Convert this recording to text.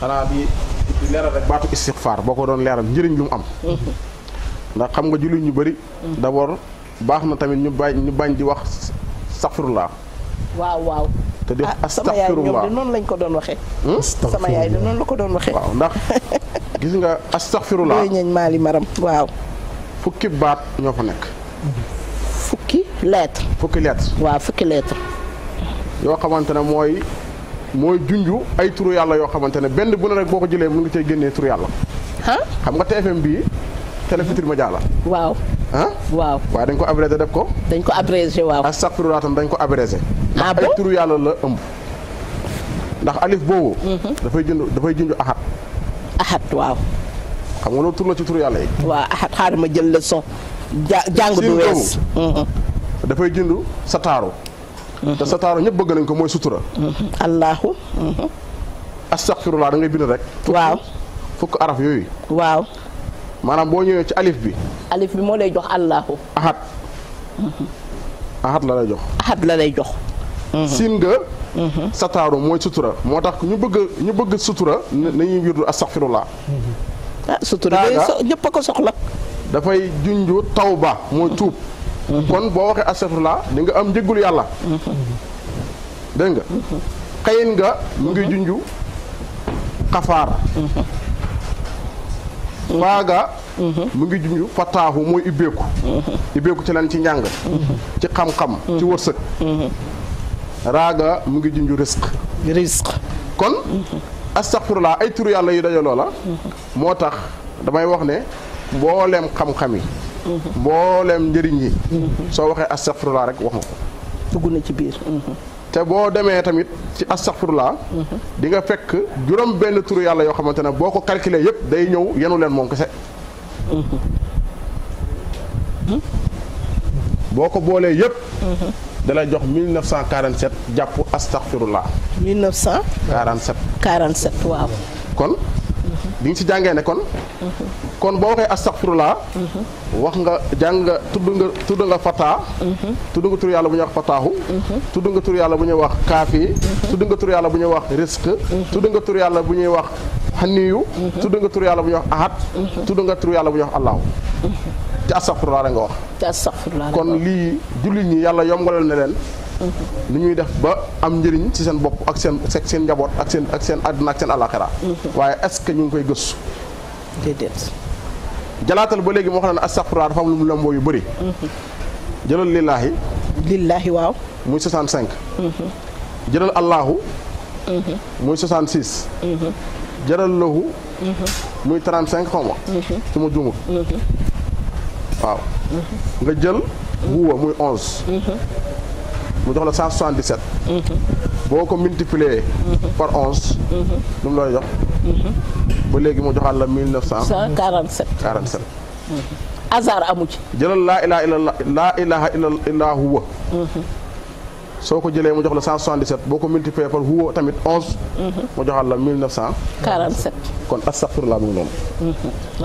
xanaa bi di leeral rek baatu istixfaar boo ko doon leeral njëriñ lu am. ndax xam nga jullit ñu bari d'abord baax na tamit ñu bañ ñu bañ di wax safrulaa. waaw waaw. te di astaghfirullah sama yaay noonu lañ ko doon waxee. Hmm? sama yaay de noonu la ko doon waxee. waaw ndax gis nga astaghfirullah. doy nañ maali maram waaw. fukki baat ñoo fa nekk. fukki lettre. fukki lettre. waaw fukki yoo xamante ne mooy. mooy junju ay turu yàlla yoo xamante ne benn bu ne rek boo ko jëlee mën nga cee génnee turu yàlla. xam nga TFM bii. Télé Futurs Médias la. waaw. waaye dañ ko abrégé def ko. dañ ko abrégé waaw. astafurlah dañ ko abrégé. ah la ëmb. ndax alif boobu. Mm-hmm. dafay junj dafay junj axat. waaw. xam nga loolu tur la ci turu yàlla yi. waaw axat xaaral ma jël leçon. jàng du wees mm-hmm. dafay sa sataaru. te sa taaru ñëpp bëgg nañ ko mooy sutura. allahu. astaghfirullah da ngay bind rek. waaw fukk araf yooyu. waaw. maanaam boo ñëwee ci alif bi. alif bi moo lay jox allahu. ahad. ahad la lay jox. ahad la lay jox. siin nga. Mhm. sataaru mooy sutura moo tax ñu bëgg ñu bëgg sutura nañuy wirdu astaghfirullah. ah sutura de ko soxla. dafay junj tawba mooy tuub. kon boo waxee astafurlaa di nga am njëggul yàlla. dégg nga. nga mu ngi junju xafaar. faaga mu ngi junju fataahu mooy ibbeeku ibbeeku ci lan ci njàng ci xam-xam ci wërsëg raaga mu ngi junju risque risque kon astaxfirullah ay turu yàlla yu dajaloo la moo tax damay wax ne mbooleem xam-xam yi mbooleem njëriñ yi soo waxee astaghfirullah rek wax nga ko dugg na ci biir te boo demee tamit ci astaghfirullah di nga fekk juróom benn turu yàlla yoo xamante ne boo ko calculé yëpp day ñëw yenu leen moom kese boo ko boolee yëpp dalay jox 1947 jàpp astaghfirullah 1947 47 47 waaw kon di nga jàngee ne kon kon bo waxe astaghfirullah wax nga jang nga tuddu nga tuddu nga fata tuddu nga tur yalla bu wax fatahu tuddu nga tur yalla bu wax kafi tuddu nga tur yalla bu wax risk tuddu nga tur yalla bu wax haniyu tuddu nga tur yalla bu wax ahad tuddu nga tur yalla bu wax allah ci astaghfirullah nga wax ci astaghfirullah kon li julli ñi yalla yombalal na len ni ñuy def ba am njëriñ ci seen bop ak seen seen njabot ak seen ak seen aduna ak seen alakhirah mhm. waye est ce que ñu ngi koy gëssu déedéet. jalaatal ba léegi moo xam ne astafurlah dafa lu mu lëmboo yu bëri. Mm-hmm. jëlal lillaahi. lillaahi waaw. muy 65. Mm-hmm. jëlal Allahu. Mm-hmm. muy 66. jëlal lahu. muy 35 xaw ma. su ma juumut. waaw. nga jël. huwa muy 11. mu jox la 177. boo ko multiplier. par 11. lu mu lay jox. ba léegi moo joxaat la mille neuf cent. quarante sept quarante sept. hasard amu ci. jëlal laa ilaha illallah laa huwa. soo ko jëlee mu jox la cent soixante dix sept boo ko multiplier par huwa tamit onze. Mhm. mu joxaat la mille neuf cent. quarante sept kon astafurlah mu ngi noonu.